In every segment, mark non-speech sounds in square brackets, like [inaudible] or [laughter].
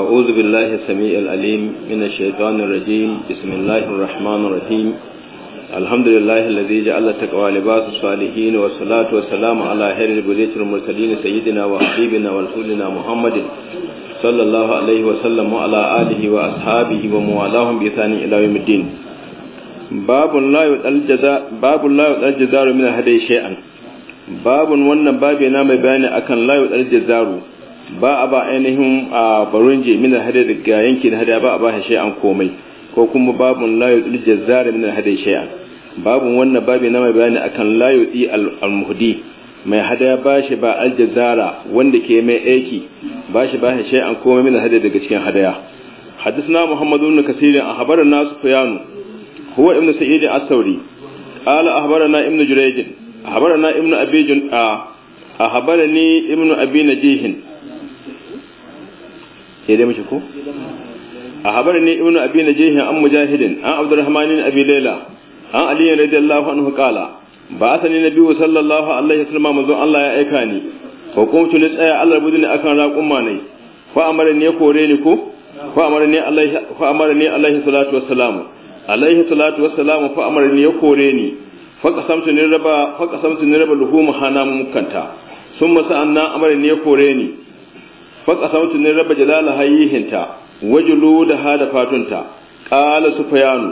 أعوذ بالله السميع العليم من الشيطان الرجيم بسم الله الرحمن الرحيم الحمد لله الذي جعل التقوى لباس الصالحين والصلاة والسلام على خير البرية المرسلين سيدنا وحبيبنا ورسولنا محمد صلى الله عليه وسلم وعلى آله وأصحابه وموالاهم بإحسان إلى يوم الدين باب لا يدل باب لا يدل جزار من هدي شيئا باب wannan babi na mai bayani akan la yudal jazaru ba a ba ainihin a barunje min hada daga yankin hada ba a ba shi an komai ko kuma babun la yudil jazzar min hada an babun wannan babi na mai bayani akan la yudi al muhdi mai hada ba shi ba al jazzara wanda ke mai aiki ba shi ba shi an komai min hada daga cikin hadaya حدثنا محمد بن كثير أخبرنا سفيان هو ابن سعيد الثوري قال أخبرنا ابن جريج أخبرنا ابن أبي جن ni ibn abi najih sai dai mishi ko a habar ne ibn abi najihin an mujahidin an abdurrahman bin abi layla an ali radiyallahu anhu kala ba asani nabi sallallahu alaihi wasallam manzo Allah ya aika ni ko qumtu li tsaya Allah budin akan ma ne ko amara ne kore ni ko ko amara ne Allah ko amara ne Allah salatu wassalam alaihi salatu wassalam fa amara ne kore ni fa qasamtu ni raba fa qasamtu ni raba luhum hanam mukanta summa sa'anna amara ne kore ni fasa sautin ne raba jalala hayyihinta wajulu da hada fatunta qala sufyanu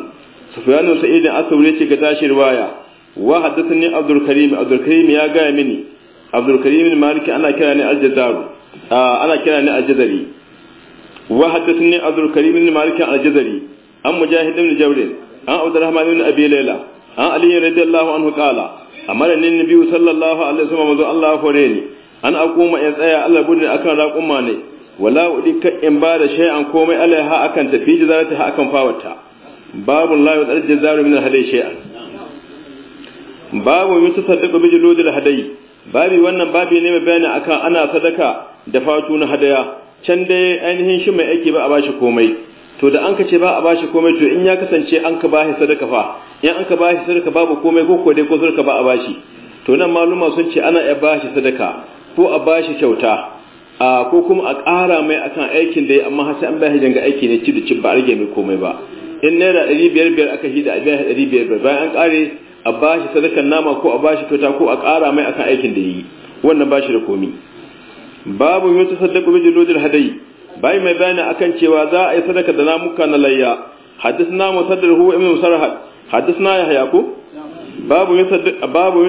sufyanu sa'idin asawri ce ga tashi riwaya wa haddathani abdul karim abdul karim ya ga mini abdul karim maliki ana kira ne aljazaru ana kira ne aljazari wa haddathani abdul karim maliki aljazari an mujahid ibn jabr an abdul rahman ibn abi layla an ali radiyallahu anhu qala amara ni nabiyyu sallallahu alaihi wasallam manzo Allah ya hore ni an akuma in tsaya Allah budi akan raƙuma ne wala wudi ka in ba da an komai Allah ha akan tafi jizarata ha akan fawata babu la yudar jazaru min hadai shay'an babu yuta tasaddaqu bi da hadai babi wannan babi ne mai bayani akan ana sadaka da fatu na hadaya can dai ainihin shi mai aiki ba a bashi komai to da an ka ce ba a bashi komai to in ya kasance an ka bashi sadaka fa in an ka bashi sadaka babu komai ko ko dai ko sadaka ba a bashi to nan maluma sun ce ana ya bashi sadaka ko a bashi kyauta ko kuma a ƙara mai akan aikin da ya amma har sai an bashi danga aiki ne ci da ci ba rage mai komai ba in naira ɗari biyar biyar aka shi da a biya ɗari biyar biyar bayan an ƙare a bashi sadakar nama ko a bashi kyauta ko a ƙara mai akan aikin da ya yi wannan bashi da komi babu yi wata sadaka wajen lodin hadayi bayan mai bayani akan cewa za a yi sadaka da namuka na layya حدثنا مصدر هو ابن مسرحد حدثنا يحيى babu yau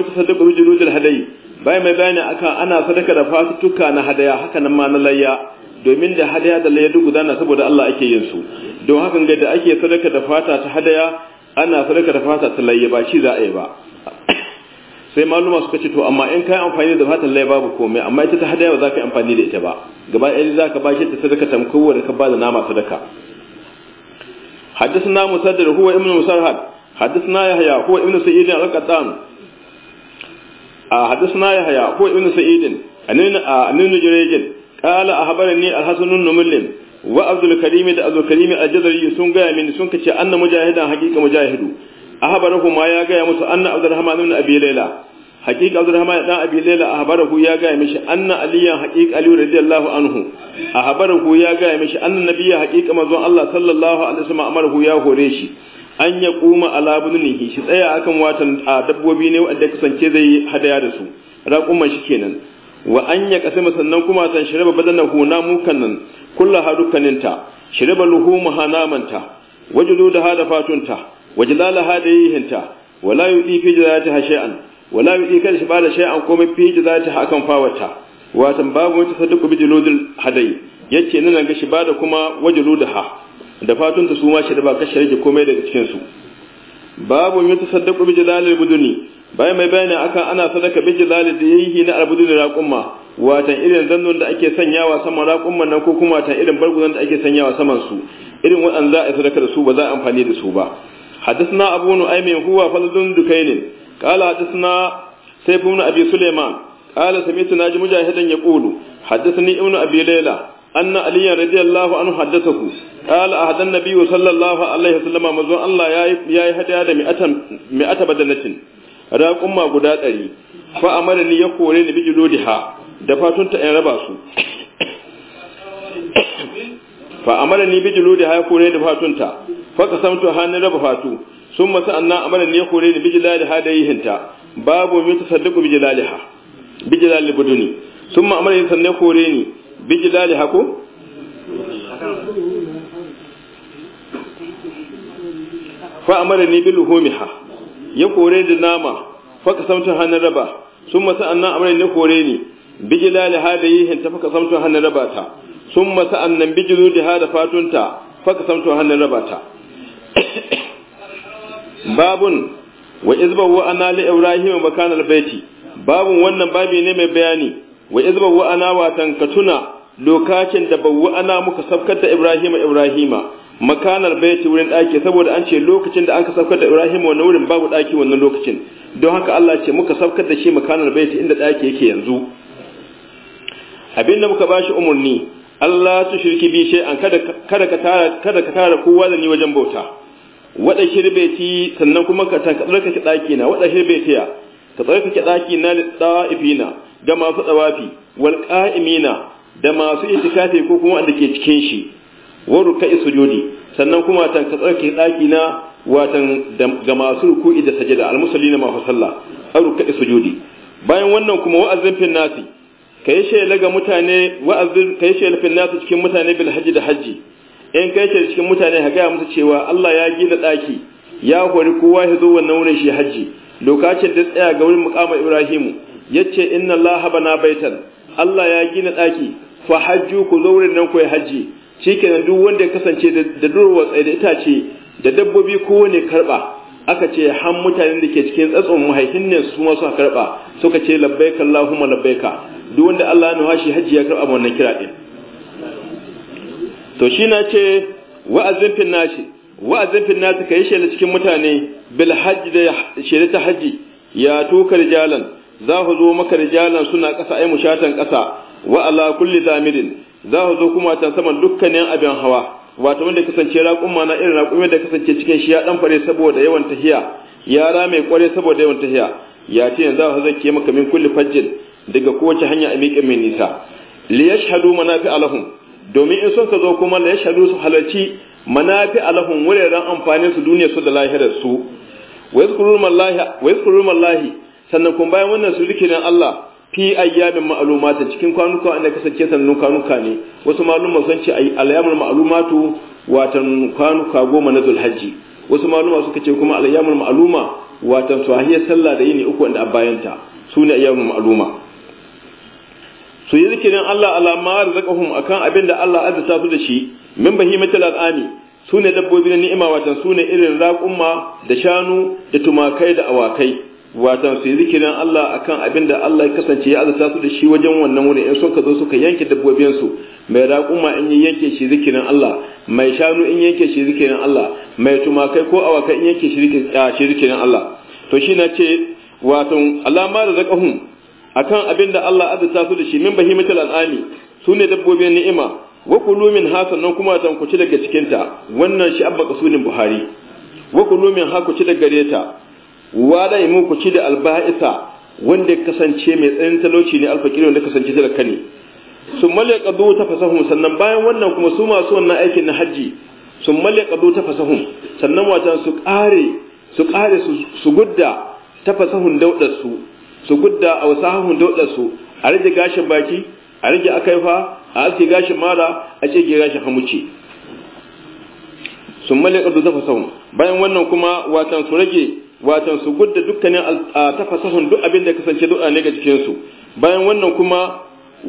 ta sadaka wajen lodin hadayi bai mai bayani akan ana sadaka da fatuka na hadaya haka nan ma na layya domin da hadaya da layya duk gudana saboda Allah ake yin su don hakan ga da ake sadaka da fata ta hadaya ana sadaka da fata ta layya ba shi za a yi ba [coughs] sai maluma suka ce to amma in kai amfani da fatan layya babu komai amma ita ta hadaya ba za ka yi amfani da ita ba gaba ɗaya za ka bashi ta sadaka tamkowa da ka ba da nama sadaka حدثنا مسدد هو ابن مسرهد حدثنا يحيى هو ابن سعيد القطان حدثنا يحيى هو ابن سعيد عن ابن جريج قال أخبرني الحسن بن مسلم وعبد الكريم عبد الكريم الجزري سن غايا من سن كتي أن مجاهدا حقيقة مجاهد أخبرهما يا غايا مسو أن عبد الرحمن بن أبي ليلى حقيقة عبد الرحمن بن أبي ليلى أخبره يا غايا مش أن علي حقيقة علي رضي الله عنه أخبره يا غايا مش أن النبي حقيقة مزون الله صلى الله عليه وسلم أمره يا هوريشي an ya kuma ala bununihi shi tsaya akan watan a dabbobi ne wanda kasance zai yi hadaya da su raƙuman shi kenan wa an ya kasama sannan kuma san shiraba badana huna mukan nan kullu hadukanin ta shiraba luhuma hanamanta wajudu da hada fatunta wajlala hada yihinta wala yudi fi jazati shay'an wala yudi kan shi bada shay'an komai fi jazati kan fawata watan babu wata sadduku bijuludul hadai yace nan ga shi bada kuma wajudu da ha da fatun ta su ma shi da ba ka rage komai daga cikin su babu yuta saddaqu bi jalalil buduni bai mai bayani akan ana sadaka bi jalalil da yayi na albuduni raqumma watan irin zannon da ake sanyawa saman raqumman nan ko kuma watan irin barguzan da ake sanyawa saman su irin wadan za a sadaka da su ba za a amfani da su ba حدثنا abu نعيم هو huwa kala dukainin qala سيف بن abi sulaiman قال سمعت ناجي مجاهدا يقول حدثني ابن أبي ليلى أن علي رضي الله عنه حدثه قال أحد النبي صلى الله عليه وسلم مزون الله يا هدي هذا مئة مئة بدنة راقم ما قدات أري فأمرني يقولين بجلودها دفاتون تأين رباسو فأمرني بجلودها يقولين دفاتون تا فقسمتها نربفاتو ثم سألنا أمرني يقولين بجلالها ديهنتا باب يتصدق بجلالها بجلال بدني ثم أمرني سنة يقولين bijilali hako fa amara ni bil humiha ya kore da nama fa kasamtu hannun raba sun masa annan amara ni kore ni bijilali ha da yihin ta fa kasamtu hannun raba ta sun masa annan bijilu da ha da fatunta fa kasamtu hannun raba ta babun wa izbahu ana ibrahim makanal baiti babun wannan babi ne mai bayani wa iz ana watan ka tuna lokacin da ana muka safkar da ibrahima ibrahima makanar baiti wurin daki saboda an ce lokacin da an ka da ibrahima wannan wurin babu daki wannan lokacin don haka Allah ce muka safkar da shi makanar baiti inda daki yake yanzu abinda muka bashi umurni Allah su shirki bi shi an kada kada ka tara kada ka tara kowa da ni wajen bauta wada shirbeti sannan kuma ka tanka tsarkake daki na wada shirbetiya ka tsarkake daki na da ifina da masu tsawafi wal qa'imina da masu itikafi ko kuma wanda ke cikin shi wa ruka'i sujudi sannan kuma tan ka tsarki daki na watan ga masu ruku'i da sajada al musallina ma sallah a ruka'i sujudi bayan wannan kuma wa'azin fil nasi kai shela ga mutane wa'azin kai shela fin nasi cikin mutane bil haji da haji in kai shela cikin mutane ka ga musu cewa Allah ya gina daki ya hori kowa ya zo wannan wurin shi haji lokacin da tsaya ga wurin muqama Ibrahimu yace inna allaha bana baitan Allah ya gina daki fa hajju ku zaurin nan ku haji shikenan duk wanda ya kasance da durwa tsaye da itace da dabbobi kowane karba aka ce han mutanen da ke cikin tsatson mahaifin ne su ma suka karba suka ce labbaika allahumma labbaika duk wanda Allah ya shi haji ya karba wannan kira din to shi na ce wa'azin fin nashi wa'azin fin nashi kai cikin mutane bil hajji da shela ta haji ya tuka rijalan za ku zo maka rijalan suna ƙasa ai mushatan ƙasa wa ala kulli zamirin za ku zo kuma can saman dukkanin abin hawa wato wanda kasance raƙumma na irin raƙumma da kasance cikin shi ya dan fare saboda yawan tahiya yara mai kware saboda yawan tahiya ya ce yanzu za ke maka min kulli fajjin daga kowace hanya a miƙe mai nisa li yashhadu manafi alahum domin in sun ka zo kuma la yashhadu su halarci manafi alahum wuraren amfanin su duniyar su da lahirar su wa yadhkuruna lahi. sannan kuma bayan wannan su zikirin Allah fi ayyamin ma'lumata cikin kwanuka inda kasance sannan kwanuka ne wasu maluma sun ce ayyamul ma'lumatu watan kwanuka goma na zulhajji wasu maluma suka ce kuma ayyamul ma'luma watan sahiyar sallah da yini uku inda abayanta su ne ayyamul ma'luma su yi zikirin Allah alamar zakahum akan abin da Allah azza su da shi min bahimatul al'ami su ne dabbobi na ni'ima watan su ne irin raƙumma da shanu da tumakai da awakai watan su yi zikirin Allah akan abin da Allah ya kasance ya azata su da shi wajen wannan wurin in suka zo suka yanke dabbobin su mai raƙuma in yanke shi zikirin Allah mai shanu in yanke shi zikirin Allah mai tumakai ko awaka in yanke shi zikirin Allah to shi na ce watan alama da hun akan abin da Allah azata su da shi min bahimatul al'ami sune dabbobin ni'ima wa kullu min hasannan kuma tan ku ci daga cikinta wannan shi abba kasulin Buhari wa kullu min ha ku ci daga gareta wa da mu ku ci da alba'isa wanda ya kasance mai tsayin talauci ne alfakir wanda kasance da kani. sun male kadu ta fasahun sannan bayan wannan kuma su masu wannan aikin na hajji sun male kadu ta fasahun sannan wata su kare su kare su gudda ta fasahun daudar su su gudda a wasahun daudar su a rage gashin baki a rage akaifa a aske gashin mara a ce gashin hamuci sun male kadu ta fasahun bayan wannan kuma watan su rage watan su gudda dukkanin tafasahun duk abin da kasance duk ne ga jikinsu bayan wannan kuma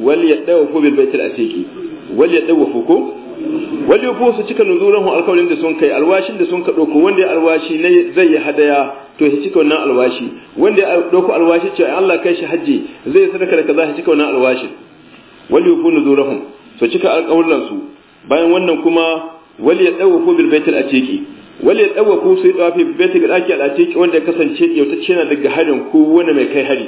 wal yadawu bil baitil atiqi wal yadawu ko wal yufu su cika nuzurahu alkawlin da sun kai alwashin da sun ka ko wanda ya alwashi ne zai yi hadaya to ya cika wannan alwashi wanda ya doko alwashi cewa Allah kai shi haji zai sadaka da kaza ya cika wannan alwashi wal yufu nuzurahum su cika alkawlan su bayan wannan kuma wal yadawu bil baitil atiqi wale ya ɗaga ku sai tsawafi bai ta ɗaki al'ace wanda ya kasance yautacce na daga harin ko wani mai kai hari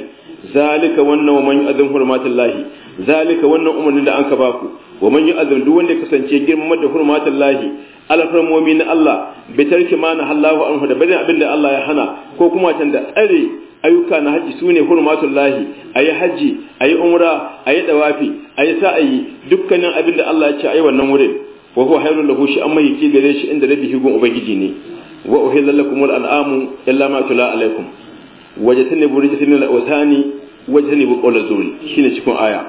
zalika wannan wa man yu'azzim hurmatullahi lahi zalika wannan umarnin da anka baku wa man yu'azzim duk wanda ya kasance girmamar da hurmatullahi. lahi alfarmomi na Allah bai tarki ma na hallahu anhu da bai abin da Allah ya hana ko kuma can da tsare ayyuka na haji sune hurmatullahi lahi ayi haji ayi umra a ayi dawafi ayi sa'ayi dukkanin abinda da Allah ya ce ayi wannan wurin wa huwa hayrun lahu shi amma yake gare shi inda rabbihi gun ubangiji ne wa uhilla lakum al an'amu illa ma tula alaikum wajatani burjatin al awsani wajatani bu qawl zuri shine cikin aya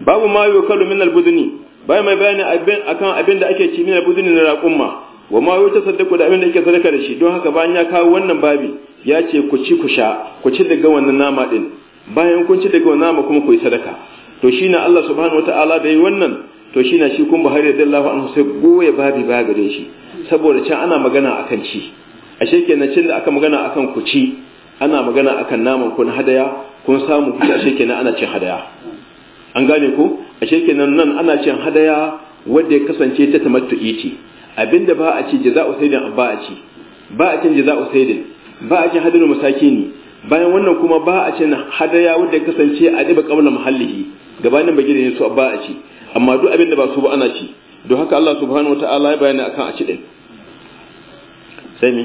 babu ma yukalu min al buduni bai mai bayani abin akan abin da ake ci min al buduni na raqumma wa ma yuta saddaku da abin da yake sadaka da shi don haka bayan ya kawo wannan babi ya ce ku ci ku sha ku ci daga wannan nama din bayan kun ci daga wannan nama kuma ku yi sadaka to shine Allah subhanahu wataala da yi wannan to shi na shi kun buhari da dallawa an sai goye babi ba gare shi saboda can ana magana akan ci ashe kenan cin da aka magana akan ku ci ana magana akan naman kun hadaya kun samu ku ashe kenan ana cin hadaya an gane ku ashe kenan nan ana cin hadaya wanda ya kasance ta tamattu iti abinda ba a ci jaza'u saidin ba a ci ba a cin jaza'u saidin ba a cin hadarin musakini bayan wannan kuma ba a cin hadaya wanda ya kasance a ɗiba ƙaunar muhallihi gabanin bagire ne su ba a ci amma duk abin da ba su ba ana ci don haka Allah subhanahu wa wata'ala ya bayani akan a ci din sai mi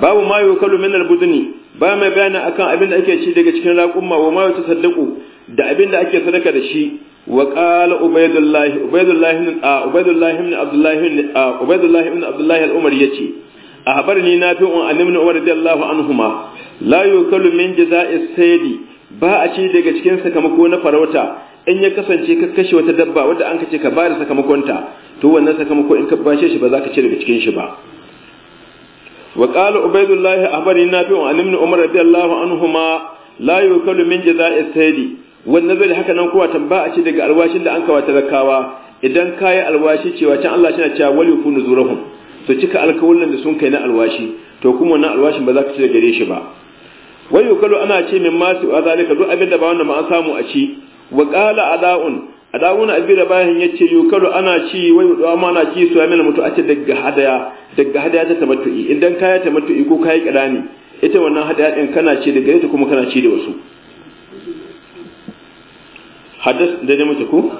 babu ma yukalu min al-budni ba mai bayani akan abin da ake ci daga cikin raƙumma wa ma yutasaddaqu da abin da ake sadaka da shi wa qala ubaydullahi ubaydullahi ibn ubaydullahi ibn abdullahi ibn ubaydullahi ibn abdullahi al-umari yace ahbarni nafi'un an ibn umar radiyallahu anhuma la yukalu min jaza'i sayyidi ba a ci daga cikin sakamako na farauta in ya kasance ka kashe wata dabba wadda an kace ka ba da sakamakonta to wannan sakamako in ka bashe shi ba za ka ci daga cikin shi ba wa qala ubaydullah na nafi an ibn umar radiyallahu anhuma la yukalu min jaza'i sayyidi wannan bai haka nan kowa tambaya ce daga alwashin da an kawa talakawa idan kayi alwashi cewa can Allah yana cewa wali yufunu zurahum to cika alkawallan da sun kai na alwashi to kuma wannan alwashin ba za ka ci daga gare shi ba wai yukalu ana ce min masu a zalika duk abin da ba wannan ba an samu a ci waƙala a da'un a da'un a bira bayan ya ce yukaru ana ci wai mutu amma ana ci su yamina mutu a ce daga hadaya daga hadaya ta tamattu'i idan kaya tamattu'i ko kayi kirani ita wannan hadaya ɗin kana ci daga ita kuma kana ci da wasu hadas da ne mutu ku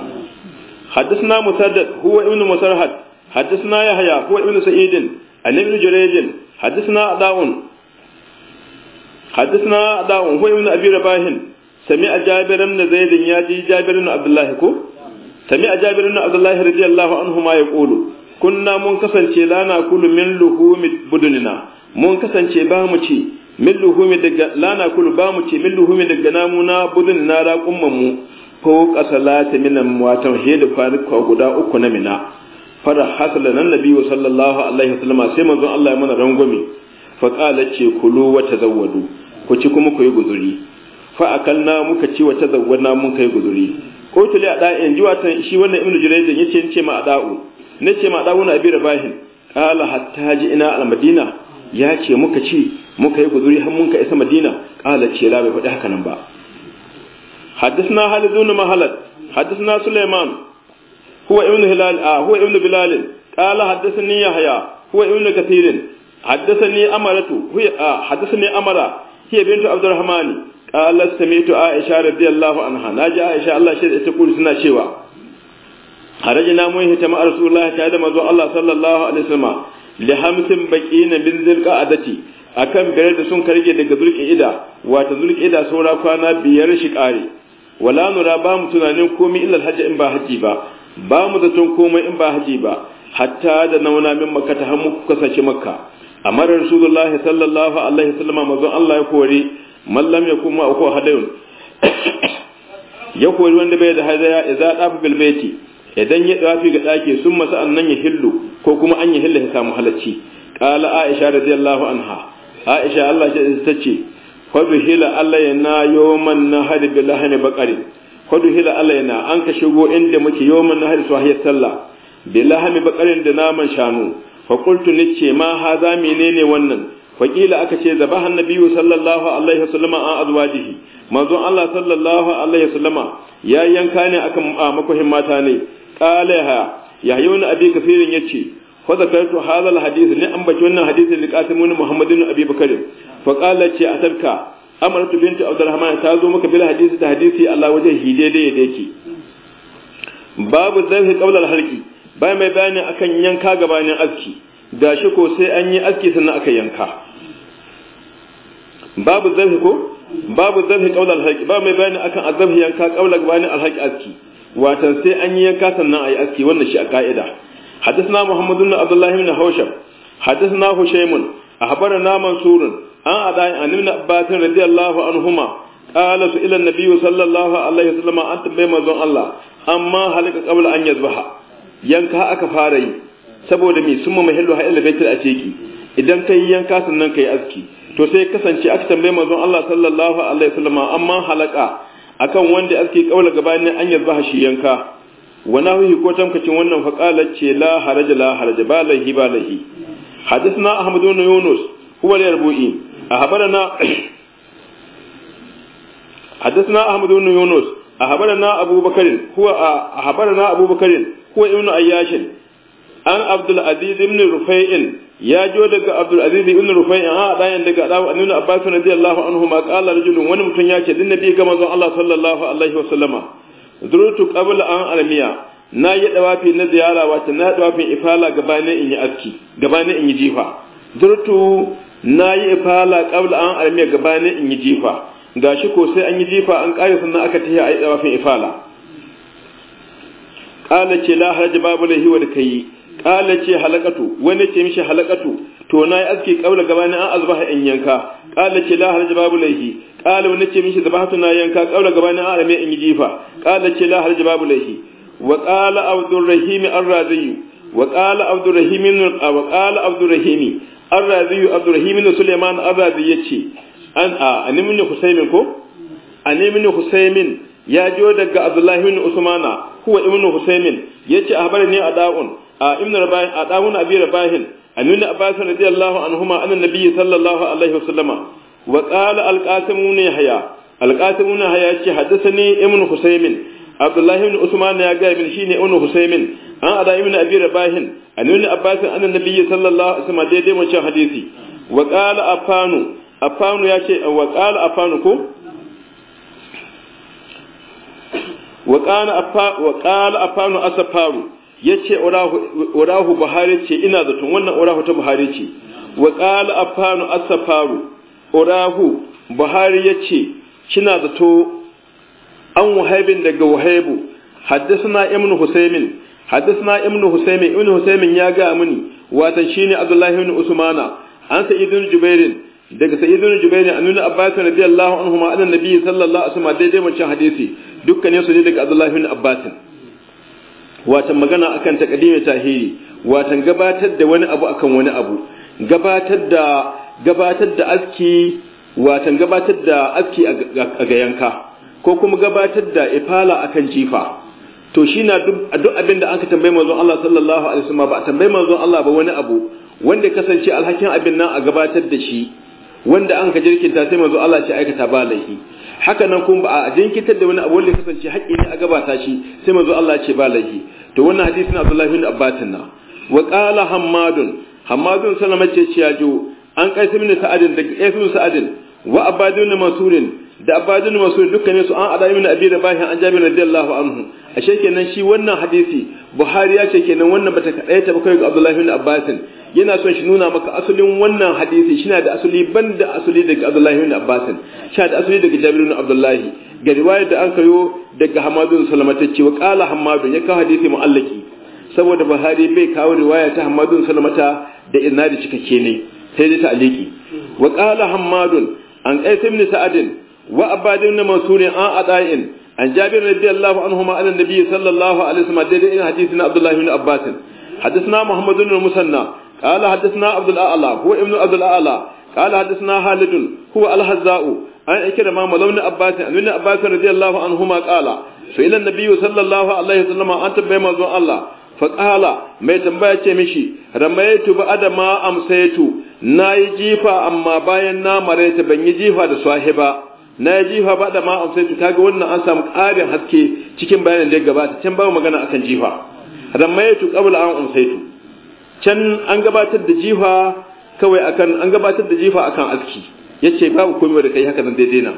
hadasna musaddad huwa ibnu musarhad hadasna yahya huwa ibnu sa'idin an ibnu jurayjin hadasna da'un hadasna da'un huwa ibnu abi rabahin sami a jabirin na zaidin ya ji abdullahi ko sami a jabirin abdullahi radiyallahu anhu ma ya kulu kunna mun kasance lana kulu min luhumi budunina mun kasance ba ci lana kulu ba ci min luhumi daga namu na budunina raƙumman mu ko kasalata minan watan hedi kwanuka guda uku na mina fara hasala nan nabi sallallahu alaihi wasallam sai manzon Allah ya mana rangwame fa qala ce kulu wa tazawwadu ku ci kuma kuyi yi fa akalna muka ci wata na mun kai guduri ko tuli a da'in ji watan shi wannan ibnu jurayj ce nace ma a da'u nace ma da'u na abi rabahin qala hatta ji ina al madina ya ce muka ci muka yi guduri har mun ka isa madina qala ce la bai faɗi haka nan ba حدثنا خالد بن مهلد حدثنا سليمان هو ابن هلال آه هو ابن بلال قال حدثني يحيى هو ابن كثير حدثني أمرة هي آه حدثني أمرة هي بنت عبد الرحمن qalat samitu aisha radiyallahu anha naji aisha Allah shi da ita kuri suna cewa harajna mun hita ma rasulullahi ta da mazo Allah sallallahu alaihi wasallam li hamsin baqina min zilqa'adati akan biyar da sun karge daga zulqa'ida wato zulqa'ida saura kwana biyar shi kare wala nura ba mu tunanin komai illa alhaji in ba haji ba ba mu zaton komai in ba haji ba hatta da nauna min makka ta hamu kuka sace makka amara rasulullahi sallallahu alaihi wasallam manzo Allah ya kore mallam ya kuma uku hadayun ya kori wanda bai da hadaya ya dafa bil baiti idan ya dafi ga daki sun masa annan ya hillu ko kuma an ya hilla ya samu halacci qala aisha radiyallahu anha aisha Allah ta ce fadu hila Allah na yawman nahar bil lahani baqari fadu hila Allah na an ka shigo inda muke yawman nahar sahiyat sallah bil lahani da naman shanu fa qultu nace ma haza menene wannan faƙila aka ce zabahan nabiyyu sallallahu alaihi wasallama an azwajihi manzon Allah sallallahu alaihi wasallama ya yanka ne akan makohin mata ne qalaha yahya ibn abi kafirin yace fa zakartu hadha al hadith ne an bace wannan hadisin li qasimun muhammadin abi bakr fa qala ce atarka amartu bint abdurrahman ta zo maka bil hadisi da hadisi Allah wajhi daidai da yake babu zai qabla al halqi bai mai bayani akan yanka gabanin aski ga shi ko sai an yi aski sannan aka yanka babu zafi ko babu zafi kaula alhaki ba mai bayani akan azafi yanka kaula bayani alhaki aski watan sai an yi yanka sannan a yi aski wannan shi a ka'ida hadisna muhammadun na abdullahi min hausham hadisna hushaimun a habarar naman surun an adayin an nuna abbasin radiyallahu anhuma kala su ilan nabi sallallahu alaihi wasallam an tambaye manzon allah amma halika kabla an yazbaha yanka aka fara yi saboda me summa mahillu ha ila baitul atiqi idan kai yanka sannan kai aski to sai kasance aka tambaye manzon Allah sallallahu alaihi wasallam amma halaka akan wanda aski kaula gabanin an yazba shi yanka wa nahihi ko tamkacin wannan fa qala ce la haraja la haraja ba balahi ba ahmadu ibn yunus huwa al-yarbu'i ahbarana حدثنا أحمد بن يونس أخبرنا أبو بكر هو أخبرنا أبو بكر هو ابن أياش an abdul aziz ibn rufai'in ya jo daga abdul aziz ibn rufai'in a dayan daga dawo annabi abbas radiyallahu anhu ma qala rajulun wani mutum ya ce din nabi ga manzon Allah sallallahu alaihi wa wasallama durutu qabla an almiya na yi dawafi na ziyara wata na dawafin ifala gabanin in yi aski gabanin in yi jifa durutu na yi ifala qabla an almiya gabanin in yi jifa gashi ko sai an yi jifa an kare sannan aka tafi ayi dawafin ifala kala ce la haraji babu lahi wa kai kala ce halakatu wani ce mishi halakatu to na yi aski kaula gabanin an azbaha in yanka kala ce la harji babu laihi kala wani ce mishi zabahatu na yanka kaula gabanin an alame in jifa kala ce la harji babu laihi wa kala abdurrahim ar-razi wa kala abdurrahim wa kala abdurrahim ar-razi abdurrahim ibn sulaiman ar-razi yace an a animin husaymin ko animin husaymin ya jiyo daga abdullahi ibn usmana huwa ibn husaymin yace a da'un a ibn rabahin a dawun abi rabahin an ibn abbas radiyallahu anhuma anna nabiyyi sallallahu alaihi wasallama wa qala al-qasim ne haya al-qasim ne haya ce haddathani ibn husaymin abdullah ibn usman ya gaya ibn shine ibn husaymin an ada ibn abi rabahin an ibn abbas anna nabiyyi sallallahu alaihi wasallama daidai wancan hadisi wa qala afanu afanu ya ce wa afanu ko wa afanu yace urahu buhari ce ina zaton wannan urahu ta buhari ce wa qala afanu asafaru urahu buhari yace kina zato an wahabin daga wahabu haddathana ibn husaymin haddathana ibn husaymin ibn husaymin ya ga muni wato shine abdullahi ibn usmana an sa'idun jubairin daga sayyidun jubairi an nuna abbas radiyallahu anhu ma annabi sallallahu alaihi wasallam daidai wancan hadisi dukkan su ne daga abdullahi ibn abbas watan magana akan taqdimi tahiri watan gabatar da wani abu akan wani abu gabatar da gabatar da aski watan gabatar da aski a ga yanka ko kuma gabatar da ifala akan jifa to shi na duk abin da aka tambayi manzon Allah sallallahu alaihi wasallam ba tambayi manzon Allah ba wani abu wanda kasance alhakin abin nan a gabatar da shi wanda an ka jirkinta sai manzo Allah ce aikata ba laifi haka nan kuma a jinkitar da wani abu wanda kasance haƙƙi ne a gabata shi sai manzo Allah ce ba laifi to wannan hadisi na Abdullah ibn Abbas na wa qala Hammadun Hammadun sallama ce ce yajo an kaisa min sa'adin daga kaisa eh, sa'adin wa abadun masurin da abadun masurin dukkan su an adai ibn abi rabahin an jabir radiyallahu anhu ashe kenan shi wannan hadisi Buhari ya ce kenan wannan bata kadaita ba kai ga Abdullah ibn Abbas yana son shi nuna maka asalin wannan hadisi shi na da asali ban da asali daga Abdullahi ibn Abbas shi da asali daga Jabir ibn Abdullahi ga riwayar da an kayo daga Hamadun Salamata wa qala Hamadun ya kawo hadisi mu'allaki saboda Buhari bai kawo riwaya ta Hamadun Salamata da isnadi cikakke ne sai dai ta aliki wa qala Hamadun an qaisa ibn Sa'adin wa Abbad ibn Mansur an Ada'in an Jabir radiyallahu anhuma an Nabi sallallahu alaihi wasallam da hadisi na Abdullahi ibn Abbas حدثنا محمد بن المثنى قال حدثنا عبد الاعلى هو ابن عبد الاعلى قال حدثنا خالد هو الحذاء عن إكرمة مولى عباس ابن عباس رضي الله عنهما قال سئل النبي صلى الله عليه وسلم أن تبين مزون الله فقال ما تنبأ تمشي رميت بعد ما أمسيت ناي جيفا أما باين نامريت بني جيفا دسواهبا na jifa ba da ma amsaitu kaga wannan an samu ƙarin haske cikin bayanin da ya gabata can ba magana akan jifa ramaitu qabla an amsaitu can an gabatar da jifa kawai akan an gabatar da jifa akan aski yace babu komai da kai haka nan daidai nan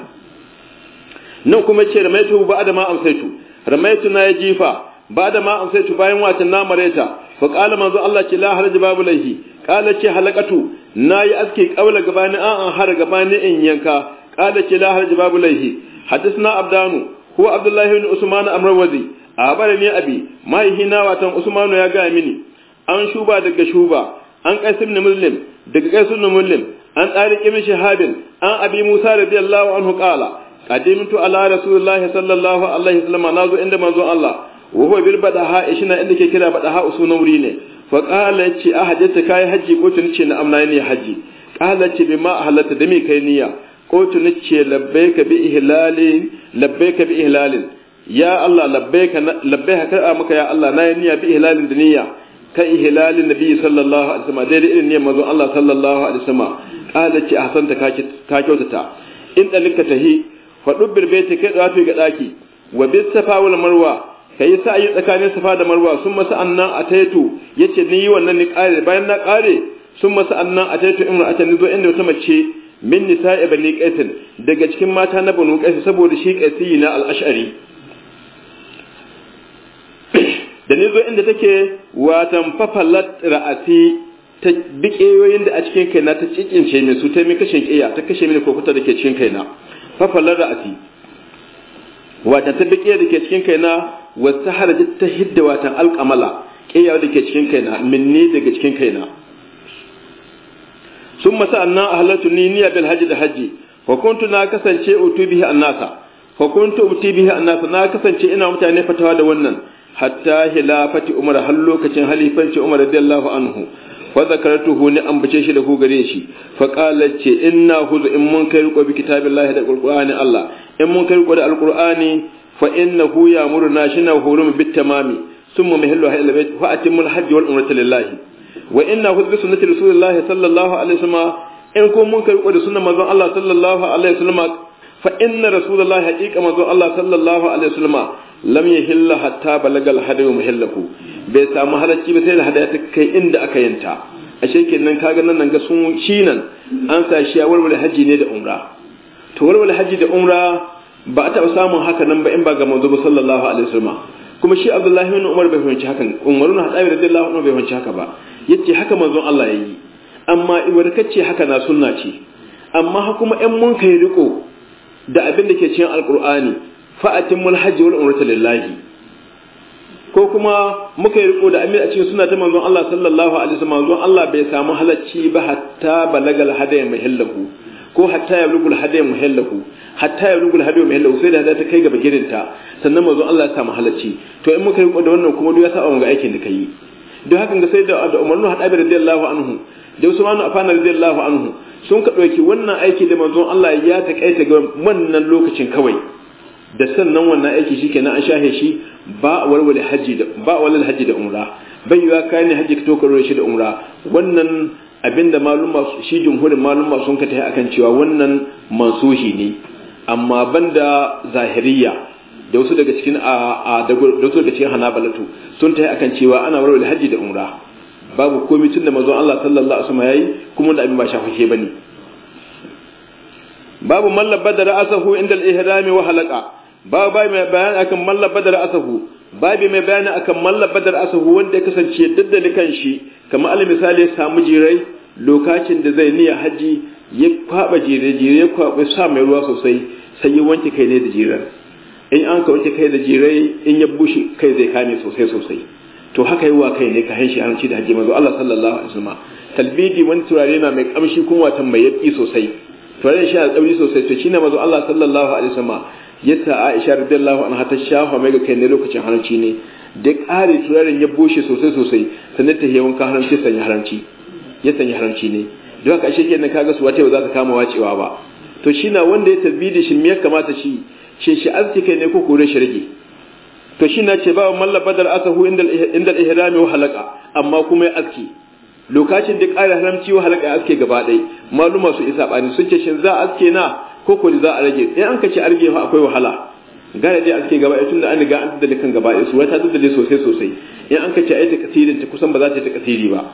nan kuma yace ramaitu ba da ma amsaitu ramaitu na ya jifa ba da ma amsaitu bayan watan na mareta fa qala manzo Allah ce la haraj babu laihi qala ce halakatu nayi aski qawla gabani an an har gabani in yanka qala ce la haraj babu laihi hadisna abdanu ko abdullahi ibn usman amrawazi abarani abi mai hina watan usmanu ya ga mini an shuba daga shuba an kasim ibn muslim daga kasim ibn muslim an tsari kimin shahadin an abi musa radiyallahu anhu qala qadimtu ala rasulillah sallallahu alaihi wasallam nazo inda manzo Allah wa huwa bil badaha ishina inda ke kira badaha usuna wuri ne fa qala chi ahajjata kai haji ko tun ce na amna ne haji qala ce bima ahlata da me kai niyya ko tun ce labbaika bi ihlalin labbaika bi ihlalin ya Allah labbaika labbaika kada maka ya Allah na niyya bi ihlalin da niyya ka ihlalin nabi sallallahu alaihi wasallam daidai irin ne manzon Allah sallallahu alaihi wasallam kada ce ahsanta ka kyautata in dalinka tahi fa dubbil baiti kai da ga daki wa bis safa wal marwa kai sa'ayi tsakanin safa da marwa sun masa annan ataitu yace ni yi wannan ni kare bayan na kare sun masa annan ataitu imra'atan ni zo inda wata mace min nisa'i bani qaisin daga cikin mata na banu qaisi saboda shi qaisi na al-ash'ari da ni zo inda take watan fafalat ra'ati ta biƙeyoyin da a cikin kaina ta cikince ne su ta mi kashin ƙiya ta kashe mini kokuta da ke cikin kaina fafalat ra'ati watan ta biƙe da ke cikin kaina wasu haraji ta hidda watan alƙamala ƙiya da ke cikin kaina minni daga cikin kaina sun masa anna a halattu ni niya bil hajji da hajji hukuntu na kasance utubihi annasa hukuntu utubihi annasa na kasance ina mutane fatawa da wannan hatta hilafati umar har lokacin halifanci umar da Allahu anhu fa zakaratuhu ni ambace shi da ku gare shi fa qalat ce inna huzu in mun kai riko bi kitabillahi da alqur'ani Allah in mun kai riko da alqur'ani fa innahu ya'muruna shina hurum bit tamami thumma mahillu ila bayt fa atimul hajj wal umrata lillahi wa inna huzu bi sunnati rasulillahi sallallahu alaihi wasallam in ko mun kai riko da sunnar manzon Allah sallallahu alaihi wasallam fa inna rasulullahi haqiqa manzon Allah sallallahu alaihi wasallam lam yahilla hatta balagal hadayu muhillaku bai samu halacci ba sai da hadaya ta kai inda aka yanta ashe kenan kaga nan nan ga sun shi nan an sa shi ya warware haji ne da umra to warware haji da umra ba a taɓa samun haka nan ba in ba ga manzo ba sallallahu alaihi wasallam kuma shi Abdullahi bin Umar bai fahimci hakan Umar bin Hatsabi radiyallahu anhu bai fahimci haka ba yace haka manzon Allah yayi amma ibarkacce haka na sunna ce amma kuma ɗan mun kai riko da abin da ke cikin alkur'ani fa'atin mul hajji wal umrata lillahi ko kuma muka yi riko da amir a cikin suna ta manzon Allah sallallahu alaihi wasallam manzon Allah bai samu halacci ba hatta balagal hadaya muhallahu ko hatta ya rugul hadaya muhallahu hatta ya rugul hadaya muhallahu sai da ta kai ga bagirinta sannan manzon Allah ya samu halacci to in muka yi riko da wannan kuma duk ya saba ga aikin da kai don hakan ga sai da da Umar bin Khattab radiyallahu anhu da Usman bin radiyallahu anhu sun ka dauki wannan aiki da manzon Allah ya takaita ga wannan lokacin kawai da sannan wannan aiki shi kenan an shahe shi ba walwal haji da ba walal haji da umra bai yiwa kayan haji ka tokaro shi da umra wannan abinda maluma shi jumhurin maluma sun ka tafi akan cewa wannan mansuhi ne amma banda zahiriya da wasu daga cikin a da wasu daga cikin hanabalatu sun tafi akan cewa ana walwal haji da umra babu komai tunda manzon Allah sallallahu alaihi wasallam yayi kuma da abin ba ke bane babu man da ra'asahu inda al-ihrami wa halaqa babu mai bayani akan malla badar asahu babu mai bayani akan malla badar asahu wanda ya kasance daddali kan shi kamar alal misali ya samu jirai lokacin da zai niyya haji ya kwaba jirai jirai ya kwaba sa mai ruwa sosai sai ya wanke kai ne da jirai in an ka wanke kai da jirai in ya bushe kai zai kame sosai sosai to haka yiwa kai ne ka hanshi an ci da haji manzo Allah sallallahu alaihi wasallam talbidi wani turare na mai kamshi kuma watan mai yafi sosai turare shi a tsauri sosai to shi ne manzo Allah sallallahu alaihi wasallam yasa Aisha radiyallahu anha ta shafa mai ga kai ne lokacin haramci ne da ƙari turaren ya bushe sosai sosai sannan ta hewan ka haramci sanya haramci ya sanya haramci ne don haka ashe kenan kaga su wata yau za ta kama wacewa ba to shi na wanda ya da shi me ya kamata shi shi shi azki kai ne ko kore shi rage to shi na ce ba malla badal asahu inda al wa halaka amma kuma ya azki lokacin da ƙara haramci wa halaka ya aske gaba ɗaya malu su isa bani sun ce shin za a aske na ko ko za a rage in an kace arge fa akwai wahala gare dai ake gaba tun da an riga an da kan gaba su wai ta dudda dai sosai sosai in an kace ayata kasirin ta kusan ba za ta ta kasiri ba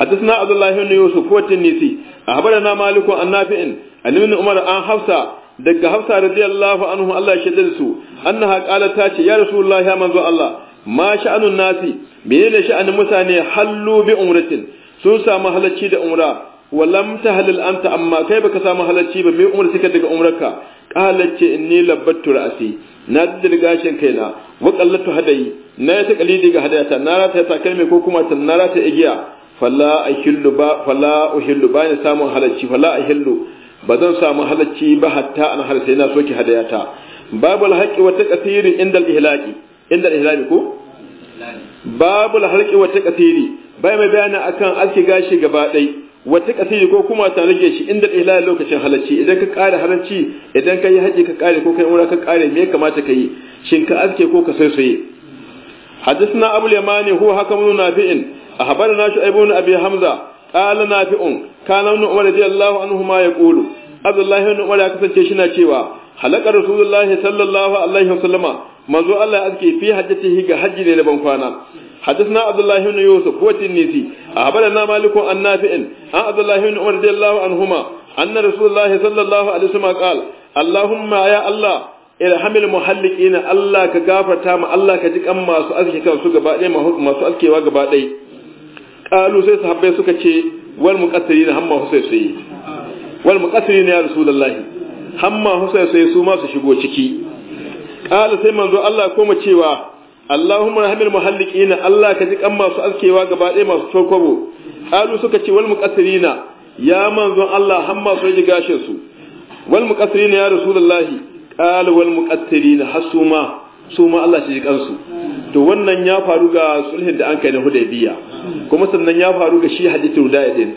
hadithna abdullahi ibn yusuf ko tin nisi ahbarana maliku an nafi'in an ibn umar an hafsa daga hafsa radiyallahu anhu Allah ya shaddar su annaha qalat ta ce ya rasulullahi manzo Allah ma sha'anun nasi menene sha'anin mutane hallu bi umratin su sa mahalacci da umra walam tahlil anta amma kai baka samu halacci ba mai umar suka daga umrarka qalat ce inni labbattu ra'si na dirga shin kaina wa qallatu hadayi na ta qalidi ga hadayata na rata ta kalme ko kuma ta na ta igiya falla ahillu ba falla uhillu ba ni samu halacci falla ahillu ba zan samu halacci ba hatta an har sai na soki hadayata babul haqqi wa taqsiri inda al-ihlaqi inda al-ihlaqi ko babul haqqi wa taqsiri bai mai bayani akan alki gashi gaba ɗaya wata kasiri ko kuma ta rage shi inda ɗaya layar lokacin halarci idan ka kare halarci idan kayi yi ka kare ko ka yi ka kare me kamata ka yi shin ka aske ko ka sai soye hadisna abul yamani huwa haka nafi'in ahbarana shu aibu abi hamza qala nafi'un kana ibn umar radiyallahu anhu ma yaqulu abdullahi ibn umar ya kasance shi na cewa halakar rasulullahi sallallahu alaihi wasallama manzo Allah ya aske fi hajjatihi ga hajji ne da ban kwana حدثنا عبد الله بن يوسف والتنيسي أخبرنا مالك عن نافع an عبد الله بن عمر رضي الله عنهما أن رسول الله صلى الله عليه وسلم irhamil muhalliqina Allah ka gafarta ma Allah ka ji kan masu azki kansu gaba ɗaya masu azkewa gaba ɗaya qalu sai sahabbai suka ce wal muqassirin hamma husay wal muqassirin ya rasulullahi hamma husa sai su ma su shigo ciki qala sai manzo Allah koma cewa Allahumma rahmil muhalliqina Allah ka ji kan masu askewa gaba ɗaya masu tokobo qalu suka ce wal muqassirina ya manzo Allah hamma su ji gashin su wal muqassirina ya rasulullahi qala wal muqassirina hasuma su ma Allah shi kansu to wannan ya faru ga sulhin da an kai na Hudaybiya kuma sannan ya faru ga shi hadithu da'idin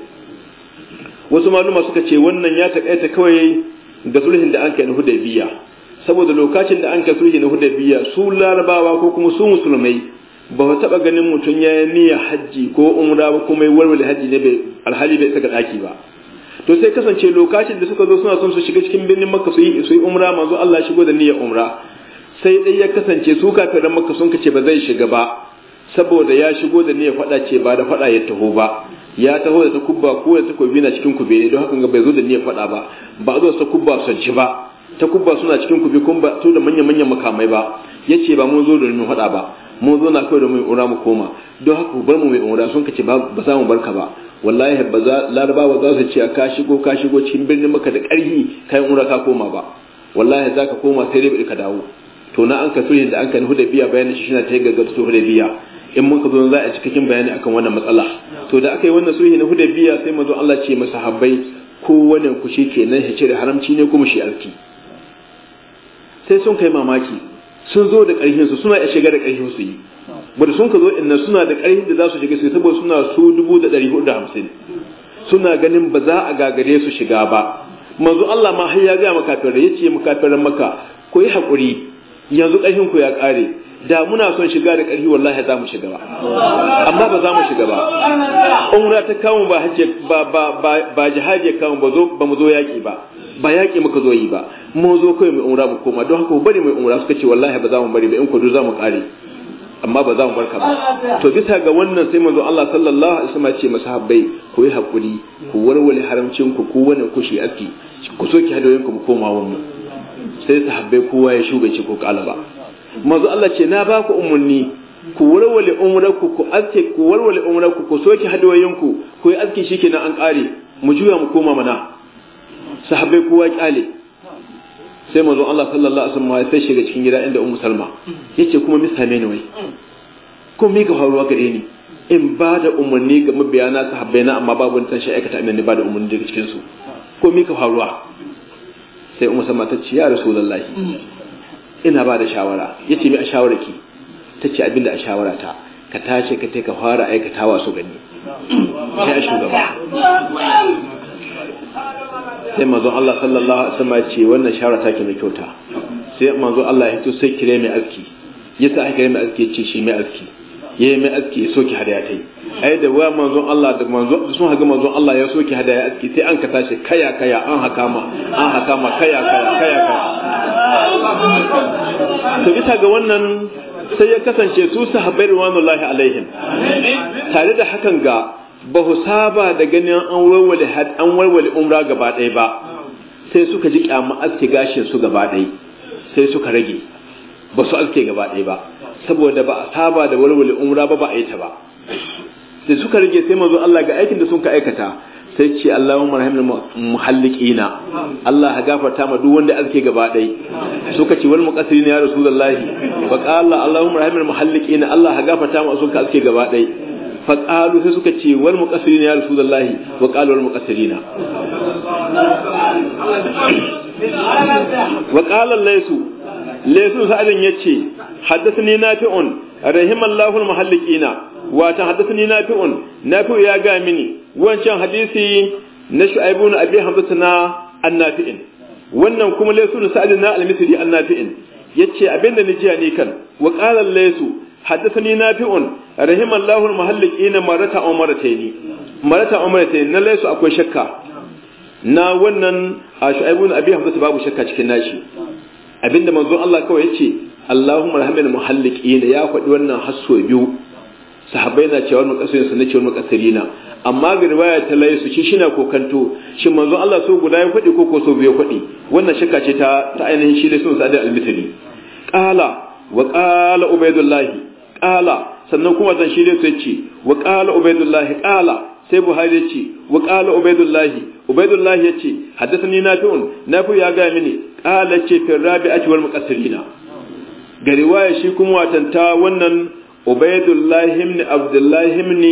wasu maluma suka ce wannan ya takaita kawai ga sulhin da an kai na hudaybiya saboda lokacin da an kai sulhin na hudaybiya su larabawa ko kuma su musulmai ba ta taba ganin mutum ya yi niyya hajji ko umra ba kuma ya warware hajji ne bai alhaji bai saka daki ba to sai kasance lokacin da suka zo suna son su shiga cikin birnin makka su yi su yi umra manzo Allah shigo da niyya umra sai dai ya kasance su kafiran makka sun kace ba zai shiga ba saboda ya shigo da niyya fada ce ba da fada ya taho ba ya taho da takubba ko da takobi na cikin kube don haka bai zo da niyyar faɗa ba ba zo da takubba ji ba takubba suna cikin kube kun ba to da manyan manyan makamai ba yace ba mun zo da mun faɗa ba mun zo na kai da mu ura mu koma don haka bar mu mai ura sun kace ba za mu barka ba wallahi ba za larabawa za su ce ka shigo ka shigo cikin birnin maka da ƙarfi kai ura ka koma ba wallahi za ka koma sai dai ka dawo to na an ka sulhin da an kan hudabiya bayan shi shi na ta yi gaggauta su hudabiya in muka zo za a cikakken bayani akan wannan matsala to da aka yi wannan sulhi na hudabiya sai manzo Allah ce masa habbai ko wannan ku shi kenan ya haramci ne kuma shi alki sai sun kai mamaki sun zo da ƙarfin su suna shiga da ƙarfin su yi bari sun ka zo inna suna da ƙarfin da za su shiga sai saboda suna su dubu da da hamsin suna ganin ba za a gagare su shiga ba manzo Allah ma har ya ga makafirai ya ce makafiran maka ko yi hakuri yanzu ƙarfin ku ya kare da muna son shiga da ƙarfi wallahi za mu shiga ba amma ba za mu shiga ba umra ta kawo ba hajji ba ba ba jihadi ya kawo ba zo ba mu zo yaƙi ba ba yaƙi muka zo yi ba mu zo kai mu umra mu koma don haka bari mu umra suka ce wallahi ba za mu bari ba in ku za mu ƙare amma ba za mu barka ba to bisa ga wannan sai manzo Allah sallallahu alaihi wasallam ce masahabbai ku yi hakuri ku warware haramcin ku ku wani ku shi aski ku soki hadoyin ku mu koma wannan sai sahabbai kowa ya shugace ko kalaba mazu Allah ce na ba ku umarni ku warware umarku ku aske ku warware umarku ku soke hadoyinku ku yi aski kenan an kare mu juya mu koma mana sahabbai kowa kyale sai mazu Allah sallallahu alaihi wasallam sai shiga cikin gida inda ummu salma yace kuma mi same ni wai ko mi ga faruwa gare ni in ba da umarni ga mabiyana sahabbai na amma babu wani shi aikata annabi ba da umarni daga cikin su ko mi ka faruwa sai ummu salma ta ce ya rasulullahi ina ba da shawara ya ce mai a shawararki ta ce da a ta. ka tashi ka ka fara aikatawa wasu gani [clears throat] sai a shugaba sai manzon Allah sallallahu alaihi sama ce wannan shawarata ke mai kyauta sai manzon Allah ya to sai kire mai aski sa aka kire mai aski ya ce shi mai aski yi mai aski ya soke hadaya ta yi yi da wa manzon Allah da manzon sun haga manzon Allah ya soke hadaya aski sai an ka tashi kaya kaya an haka ma an haka ma kaya kaya kaya kaya to bisa ga wannan sai ya kasance su sahabbai lahi alaihim tare da hakan ga ba ku saba da ganin an warware an warware umra gaba ɗaya ba sai suka ji kyamu aski gashin su gaba ɗaya sai suka rage ba su aske gaba ɗaya ba saboda ba a saba da walwale umra ba ba a yi ta ba sai suka rage sai manzo Allah ga aikin da sun ka aikata sai ce Allahumma rahimna muhalliqina Allah ya gafarta ma duk wanda aske gaba ɗaya suka ce wal muqassirin ya rasulullahi fa qala Allahumma rahimna muhalliqina Allah ya gafarta ma sun ka aske gaba ɗaya faƙalu sai suka ce wal muƙasirina ya rasu lallahi wa ƙalu wal muƙasirina wa ƙalar laisu laysu sa'adin yace haddathani nafi'un rahimallahu almuhalliqina wa ta haddathani nafi'un nafi'u ya ga mini wancan hadisi na shu'aibu ibn abi hamzah na annafi'in wannan kuma laysu sa'adin na almisri annafi'in yace abinda ni jiya ni kan wa qala laysu haddathani nafi'un rahimallahu almuhalliqina marata umarataini marata umarataini na laysu akwai shakka na wannan a shu'aibu ibn abi hamzah babu shakka cikin nashi abinda manzo Allah kawai yace Allahumma rahmil muhallikin ya faɗi wannan hasso biyu sahabbai na cewa muqassirin sun mun na. amma ga riwaya ta laisu shi shina kokanto shin manzo Allah so guda ya faɗi ko ko so biyu faɗi wannan shakka ce ta ta ainihin shi laisu sa'ad al-misri qala wa qala ubaidullahi qala sannan kuma zan shi laisu yace wa qala ubaidullahi qala sai buhari yace wa qala ubaidullahi ubaidullahi yace haddathani nafi'un nafi'u ya ga mini qala ce fi rabi'ati wal muqassirina Gari riwaya shi kuma watanta wannan ubaydullah ibn abdullah ibn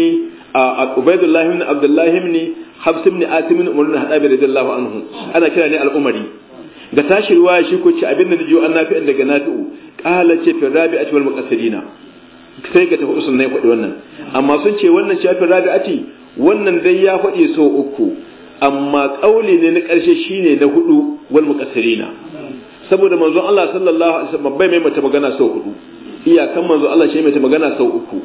ubaydullah ibn abdullah ibn habs ibn atim ibn umar hadabi radiyallahu anhu ana kira ne al'umari. ga tashi riwaya shi ko ce abin da jiyo annafi daga nafi'u qala ce fi rabi'ati wal muqassirina sai ka tafi na ne faɗi wannan amma sun ce wannan shafin rabi'ati wannan dai ya faɗi so uku amma kauli ne na karshe shine na hudu wal muqassirina saboda manzon Allah sallallahu alaihi wasallam bai mai mata magana sau hudu iyakan manzon Allah shi mai mata magana sau uku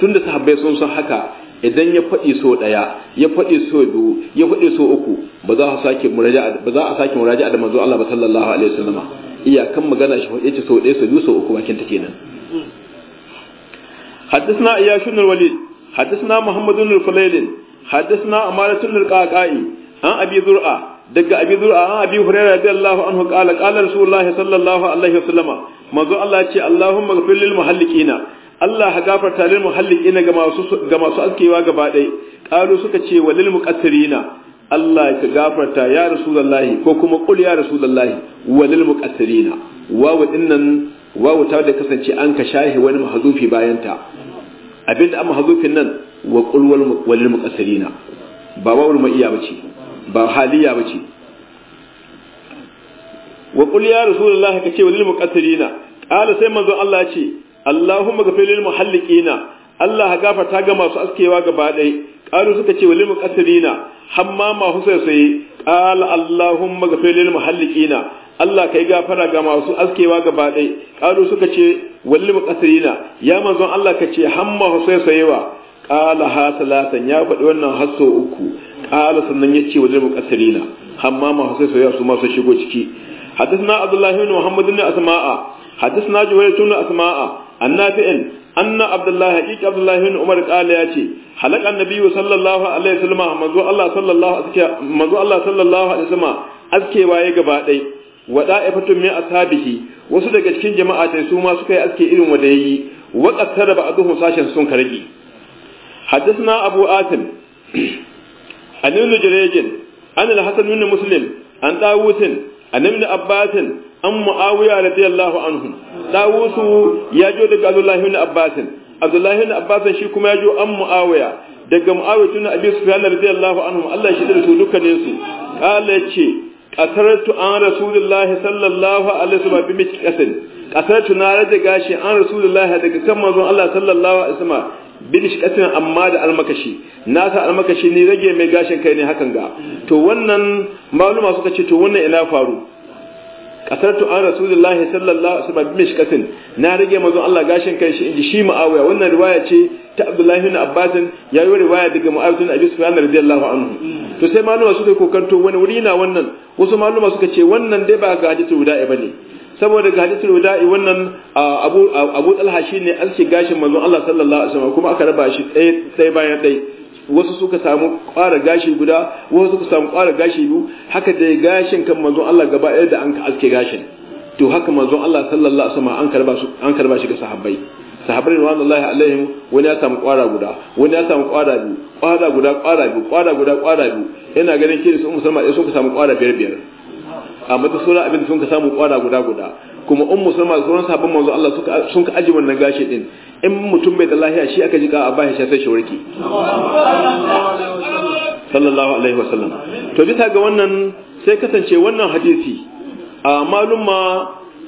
tunda sahabbai sun san haka idan ya faɗi so ɗaya ya faɗi so biyu ya faɗi so uku ba za a sake muraja ba za a sake muraja da manzo Allah sallallahu alaihi wasallama iyakan magana shi faɗi so ɗaya so biyu so uku bakin take kenan حدثنا إياش بن الوليد حدثنا محمد بن الفليل حدثنا أمارة القعقاعي عن أبي زرعة daga abi zura an abi hurairah radiyallahu anhu qala qala rasulullahi sallallahu alaihi wasallama manzo Allah ce Allahumma ghfir lil muhalliqina Allah ha gafarta lil ga masu ga masu askewa gaba dai qalu suka ce walil muqassirina Allah ka gafarta ya rasulullahi ko kuma qul ya rasulullahi walil muqassirina wawu dinnan wawu ta kasance an ka shahi wani mahzufi bayanta Abin abinda amma hazufin nan wa kulwal walil muqassirina ba wawul ma'iya bace ba haliya bace wa qul ya rasulullahi kace walil muqassirina qala sai manzo Allah ya ce Allahumma ghafir lil muhalliqina Allah gafarta ga masu askewa gaba ɗaya ƙaru suka ce walil muqassirina hamma ma husaysaye qala allahumma ghfir lil na. Allah kai gafara ga masu askewa gaba ɗaya qalu suka ce walli muqasirina ya manzon Allah ka ce hamma husay sayewa qala ha salatan ya faɗi wannan hasso uku qala sannan yace walli muqasirina hamma ma husay sayewa su ma su shigo ciki حدثنا عبد الله بن محمد بن أسماء حدثنا جوير بن أسماء النافع anna abdullahi haqiqa abdullahi bin umar qala ya ce halaka annabi sallallahu alaihi wasallam manzo Allah sallallahu alaihi manzo Allah sallallahu alaihi wasallam askewa ya gaba dai wa da'ifatun min ashabihi wasu daga cikin jama'a tai su ma suka yi aske irin wanda yayi wa qattara ba'dhum sashin sun kargi حدثنا أبو آثم عن ابن جريج عن الحسن بن مسلم عن داوود annabi da abbasin an muawiya radiyallahu anhu su ya jo daga abdullahi ibn abbasin abdullahi ibn abbasin shi kuma ya jo an muawiya daga muawiya tun abi sufyan radiyallahu anhu Allah shi da su dukkan su kala ce qatartu an rasulullahi sallallahu alaihi wasallam bi miki qasin qatartu na rage gashi an rasulullahi daga kan manzon Allah sallallahu alaihi wasallam bidishkatin amma da almakashi nasa almakashi ni rage mai gashin kai ne hakan ga to wannan maluma suka ce to wannan ina faru kasartu an rasulullahi sallallahu alaihi wasallam bidishkatin na rage mazo Allah gashin kai shi inji shi muawiya wannan riwaya ce ta abdullahi ibn abbas ya yi riwaya daga muawiya ibn abi sufyan radiyallahu anhu to sai maluma suka kokanto wani wuri na wannan wasu maluma suka ce wannan dai ba ga hadisi guda bane saboda ga hadisul wada'i wannan abu abu talha shine an ce gashin manzon Allah sallallahu alaihi wasallam kuma aka raba shi ɗaya bayan ɗaya wasu suka samu ƙwara gashi guda wasu suka samu ƙwara gashi biyu haka dai gashin kan manzon Allah gaba ɗaya da an ka aske gashin to haka manzon Allah sallallahu alaihi wasallam an karba su an karba shi ga sahabbai sahabbai wallahi alaihim wani ya samu ƙwara guda wani ya samu ƙwara biyu ƙwara guda ƙwara biyu ƙwara guda ƙwara biyu yana ganin kiris ummu salma sai suka samu ƙwara biyar biyar amma duk sauran abin da sun ka samu kwara guda guda kuma in musulma sauran sabon manzo Allah sun ka aji wannan gashi din in mutum bai da lahiya shi aka ji jika a bashi sai shi warke sallallahu alaihi wasallam to bisa ga wannan sai kasance wannan hadisi a maluma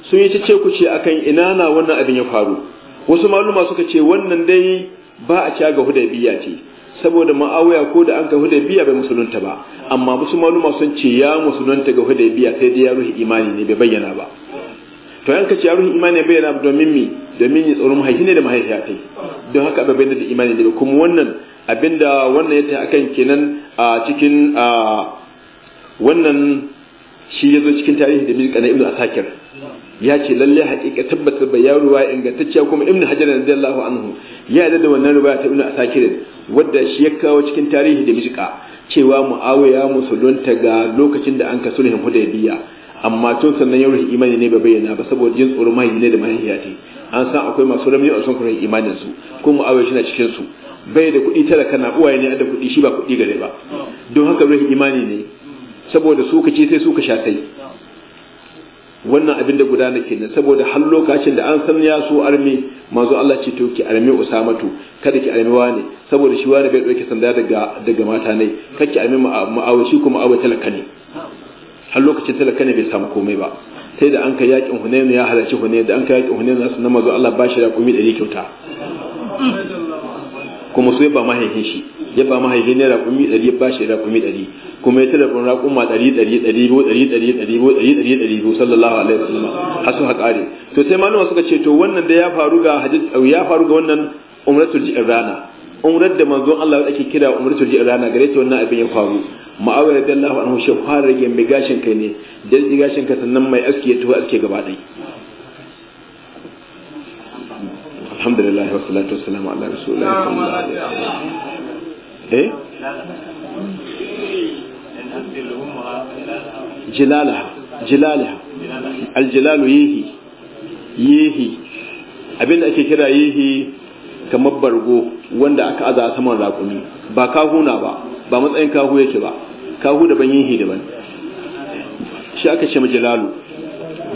sun yi cece ku ce akan ina na wannan abin ya faru wasu maluma suka ce wannan dai ba a ci ga hudaybiya ce saboda ma'awuya ko da an ka hudaybiya bai musulunta ba amma wasu maluma sun ce ya musulunta ga hudaybiya sai dai ya ruhi imani ne bai bayyana ba to yanka ce ya ruhi imani bai bayyana domin mi domin ya tsoron mahaifi ne da mahaifiya ta don haka bai bayyana da imani ne kuma wannan abinda wannan ya ta akan kenan a cikin wannan shi ya zo cikin tarihi da milka na ibnu asakir ya ce lalle haƙiƙa tabbatar ba ya ruwa ingantacciya kuma ibnu hajar radiyallahu anhu ya yarda da wannan ruwa ta ibnu asakir wadda shi ya kawo cikin tarihi da mishka cewa muawiya musulunta ga lokacin da an kasu sulhin hudaybiya amma tun sannan yau imani ne ba bayyana ba saboda jin tsoron mahi ne da mahaifiya ce an san akwai masu rauni a sun imaninsu imanin su ko muawiya shi na cikin su bai da kuɗi talaka na uwaye ne da kuɗi shi ba kuɗi gare ba don haka ruhin imani ne saboda su ka ce sai su ka sha sai wannan abin da gudana kenan saboda har lokacin da an san ya so arme manzo Allah ce to ki arme usamatu kada ki arme wani saboda shi wani bai dauke sanda daga daga mata ne kake arme ma'awaci kuma Abu talaka ne har lokacin talaka ne bai samu komai ba sai da an kai yakin hunayn ya halarci hunayn da an kai yakin hunayn nasu na manzo Allah bashi da kumi da kyauta kuma sai ba mahaihin shi ya ba mahaifin ne raƙumi ɗari ya bashi raƙumi ɗari kuma ya telefon raƙuma ɗari ɗari ɗari biyu ɗari ɗari ɗari biyu ɗari ɗari ɗari biyu sallallahu alaihi wasallam har sun haƙare to sai malama suka ce to wannan da ya faru ga hadis ya faru ga wannan umratul ji'rana umrar da manzon Allah ake kira umratul ji'rana gare ta wannan abin ya faru ma'awar da Allah an hushe fara rage mai gashin kai ne dan gashin ka sannan mai aske ya tuwa aske gaba ɗaya alhamdulillah wa salatu wa salamu ala rasulillah eh jilalaha jilalaha aljilalu yihi yihi abinda ake kira yihi kamar bargo wanda aka aza saman raƙumi ba kahuna ba ba matsayin kahu yake ba kahu daban yihi daban shi aka ce majilalu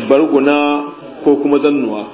barguna ko kuma zannuwa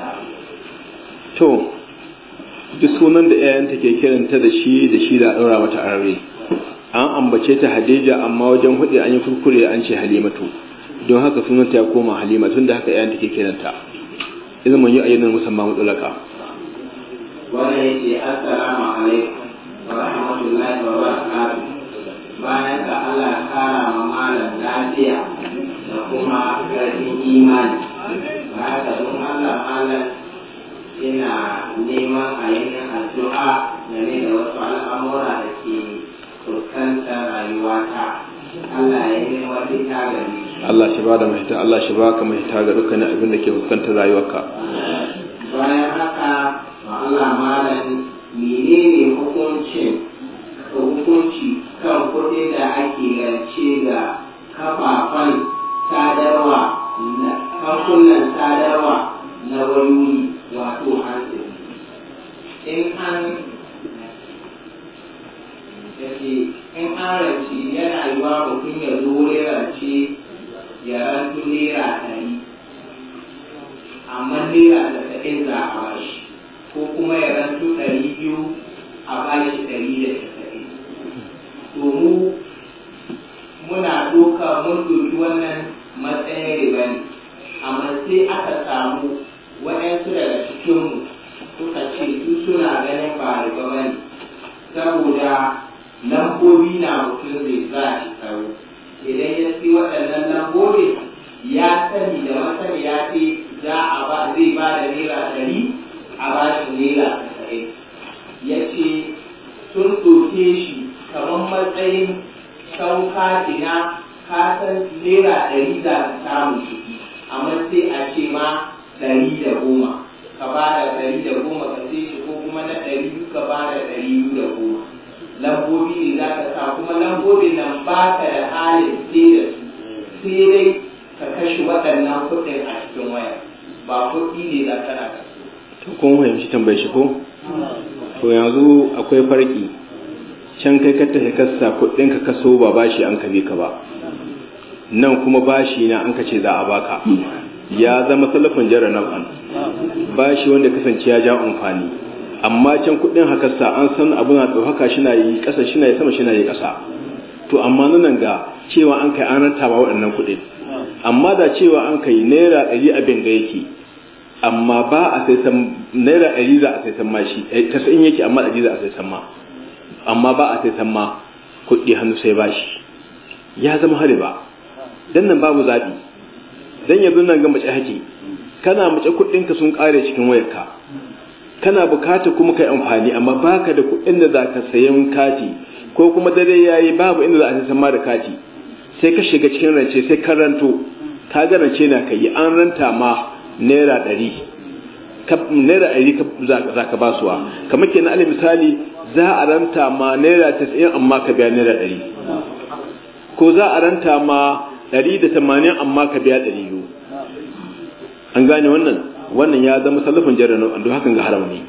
to duk sunan da 'ya'yanta ke kiranta da shi da shi da ɗora mata aure an ambace ta hadija amma wajen hudu an yi kurkure an ce halimatu don haka sunanta ya koma halimatu tun da haka 'ya'yanta ke kiranta idan mun yi ayyana musamman mutsalaka wanda yake assalamu alaikum wa rahmatullahi wa barakatuh bayan ka Allah kara ma malam lafiya da kuma karfin imani ba ta don Allah malam ina neman a yi addu'a game da wasu al'amura da ke fuskantar rayuwata Allah ya yi mafita gare Allah shi ba da mahita Allah shi ba ka mahita ga dukkanin abin da ke fuskantar rayuwarka bayan haka Allah malam menene lambobi ne za ka sa kuma lambobin nan ba ka da halin sai da su sai dai ka kashe waɗannan kuɗin a cikin waya ba kuɗi ne za ka to kun fahimci tambayar shi ko to yanzu akwai farki can kai ka tafi kasa kuɗin ka kaso ba bashi an kabe ka ba nan kuma bashi na an ka ce za a baka ya zama salafin jara nan bashi wanda kasance ya ja amfani amma can kuɗin sa an san abu na ɗaukaka shi na yi ƙasa shi na yi sama shi na yi ƙasa to amma nan ga cewa an kai an taba waɗannan kuɗin amma da cewa an kai naira ɗari a da yake amma ba a sai san naira ɗari za a sai san ma shi eh, tasa'in yake amma ɗari za a sai san ma amma ba a sai san ma kuɗi hannu sai ba shi ya zama hari ba dan nan babu zaɓi dan yanzu nan ga mace hake kana mace kuɗinka sun ƙare cikin wayarka kana bukata kuma kai amfani amma baka da kuɗin da za ka sayan kati ko kuma dare yayi babu inda za a san ma da kati sai ka shiga cikin rance sai ka ranto ka ga rance na kai an ranta ma naira ɗari naira ɗari za ka basuwa kamar na alal misali za a ranta ma naira tasa'in amma ka biya naira ɗari ko za a ranta ma ɗari da tamanin amma ka biya ɗari biyu an gane wannan wannan ya zama salafin jarar wando hakan ga haram ne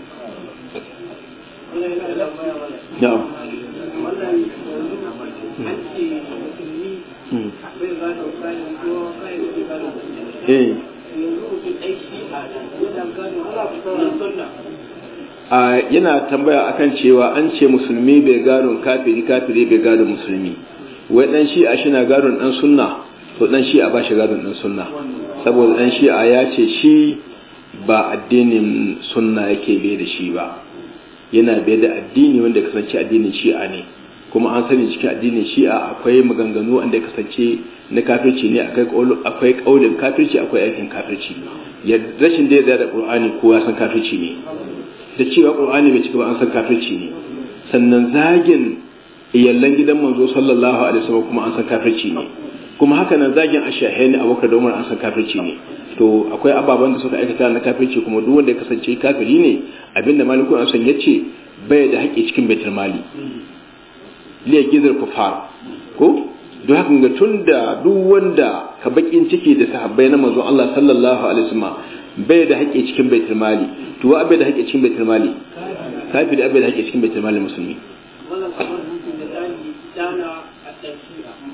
hmm. eh. yana tambaya akan cewa an ce musulmi bai gano kafiri kafiri bai gano musulmi wai dan shi shi na gano dan sunna to dan a ba shi gadon dan sunna saboda dan a ya ce shi ba addinin sunna yake bai da shi ba yana bai da addini wanda ya kasance addinin shi'a ne kuma an sani cikin addinin shi'a akwai maganganu wanda ya kasance na kafirci ne akwai kaulin kafirci akwai aikin kafirci rashin da ya da qur'ani ya san kafirci ne da cewa qur'ani mai cika ba an san kafirci ne sannan zagin iyallan gidan manzo sallallahu alaihi wasallam kuma an san kafirci ne kuma haka nan zagin shahe ne wakar da umar an san kafirci ne to akwai ababen da suka aikata na kafirci kuma duk wanda ya kasance kafiri ne abinda malikun an san yace bai da haƙƙi cikin baitul mali liya gizar kufar ko don haka ga tun da duk wanda ka bakin ciki da sahabbai na manzo Allah sallallahu alaihi wasallam bai da haƙƙi cikin baitul mali to wa bai da haƙƙi cikin baitul mali kafiri abai da haƙƙi cikin baitul mali musulmi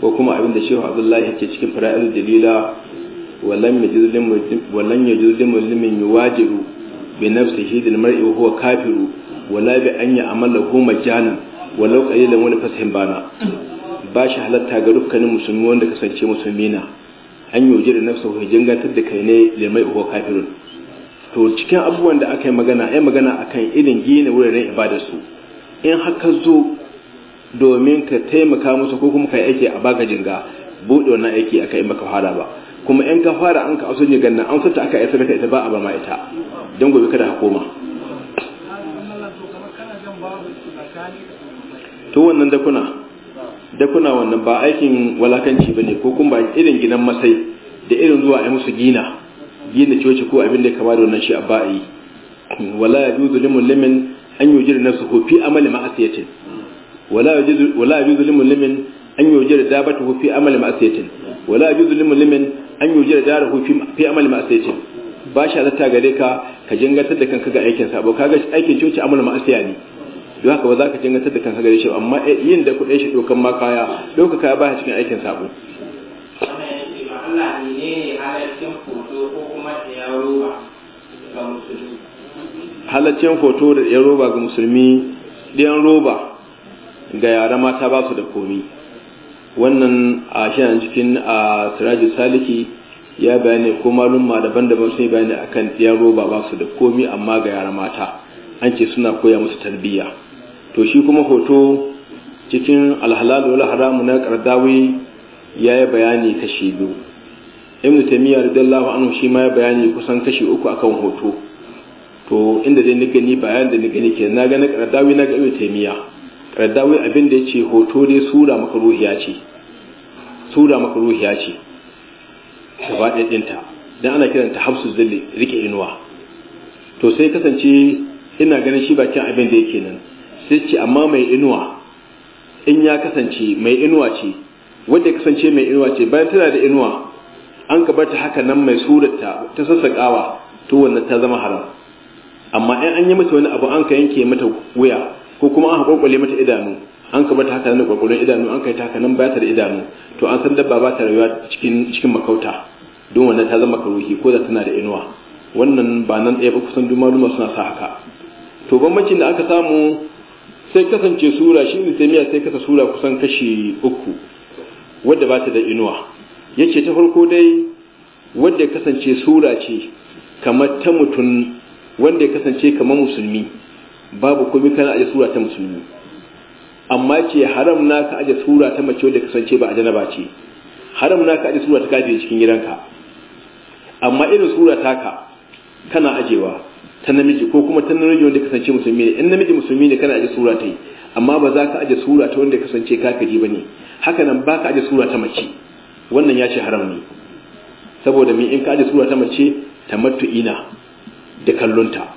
ko kuma abin da shehu abdullahi yake cikin fara'il dalila walan yajuz lil muslimin yuwajibu bi nafsihi dil mar'i wa huwa kafiru wala bi an ya'mala hu majanan walau qalilan wani fasihin bana ba shi halatta ga dukkanin musulmi wanda kasance musulmi na an yoje da nafsa ko jangantar da kai ne lil mar'i wa kafirun to cikin abubuwan da aka yi magana ai magana akan irin gina wuraren ibadarsu in haka zo domin ka taimaka musu ko kuma kai aiki a baka jinga bude wannan aiki aka yi maka fara ba kuma in ka fara an ka aso ne ganna an sata aka isa maka ita ba a ba ma ita don gobe kada ka koma to wannan dakuna dakuna wannan ba aikin walakanci bane ko kuma ba irin gidan masai da irin zuwa ai musu gina gina coci ko abin da ya kama da wannan shi a ba'i wala ya juzu limin an yujir nafsuhu fi amali ma'asiyatin wala yajuzu wala yajuzu lil muslimin an yujira dabatuhu fi amal ma'asiyatin wala yajuzu lil muslimin an yujira darahu fi fi amal ma'asiyatin ba shi halatta gare ka ka jingatar da kanka ga aikin sabo kaga aikin coci amal ma'asiya ne don haka ba za ka jingatar da kanka gare shi amma yin da kuɗin shi dokan ma kaya doka kaya ba cikin aikin sabo Allah ne halaccin foto ko kuma ya roba ga musulmi da ya roba ga musulmi roba ga yara mata ba su da komi wannan a shan cikin a siraji saliki ya bayani ko malumma daban-daban sun bayani akan ɗiyan roba ba su da komi amma ga yara mata an ce suna koya musu tarbiyya to shi kuma hoto cikin alhalal wal haramu na kardawi ya yi bayani kashi biyu ibnu taymiyyah radiyallahu anhu shi ma ya bayani kusan kashi uku akan hoto to inda dai ni gani bayan da ni gani na ga na kardawi na ga ibnu taymiyyah raddawi abin da yace hoto dai sura maka ruhiya ce sura maka ruhiya ce gaba ɗinta dan ana kiranta hafsu zilli rike inuwa to sai kasance ina ganin shi bakin abin da yake nan sai ce amma mai inuwa in ya kasance mai inuwa ce wanda ya kasance mai inuwa ce bayan tana da inuwa an ka barta haka nan mai surata ta sassaƙawa to wannan ta zama haram amma in an yi mata wani abu an ka yanke mata wuya ko kuma an haƙwaƙwale mata idanu an ka bata haka nan da idanu an kai ta haka nan ba ta da idanu to an san dabba ba ta rayuwa cikin cikin makauta don wannan ta zama karuhi ko da tana da inuwa wannan ba nan ɗaya ba kusan duma duma suna sa haka to bambancin da aka samu sai kasance sura shi ne miya sai kasa sura kusan kashi uku wadda ba ta da inuwa yace ta farko dai wadda ya kasance sura ce kamar ta mutum wanda ya kasance kamar musulmi babu komai kana aje sura ta musulmi amma ce haram na ka aje sura ta mace wadda kasance ba a ba ce haram na ka aje sura ta kafin cikin gidanka amma irin sura ka kana ajewa ta namiji ko kuma ta namiji wanda kasance musulmi ne in namiji musulmi ne kana aje sura ta yi amma ba za ka aje sura ta wanda kasance kafiri ba ne haka nan ba ka aje sura ta mace wannan ya ce haram ne saboda me in ka aje sura ta mace ta ina da kallonta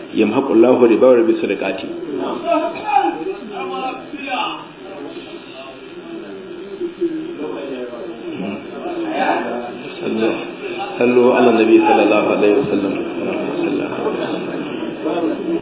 yamhaqu Allahu riba wa bi sadaqati sallu ala nabi sallallahu alaihi wasallam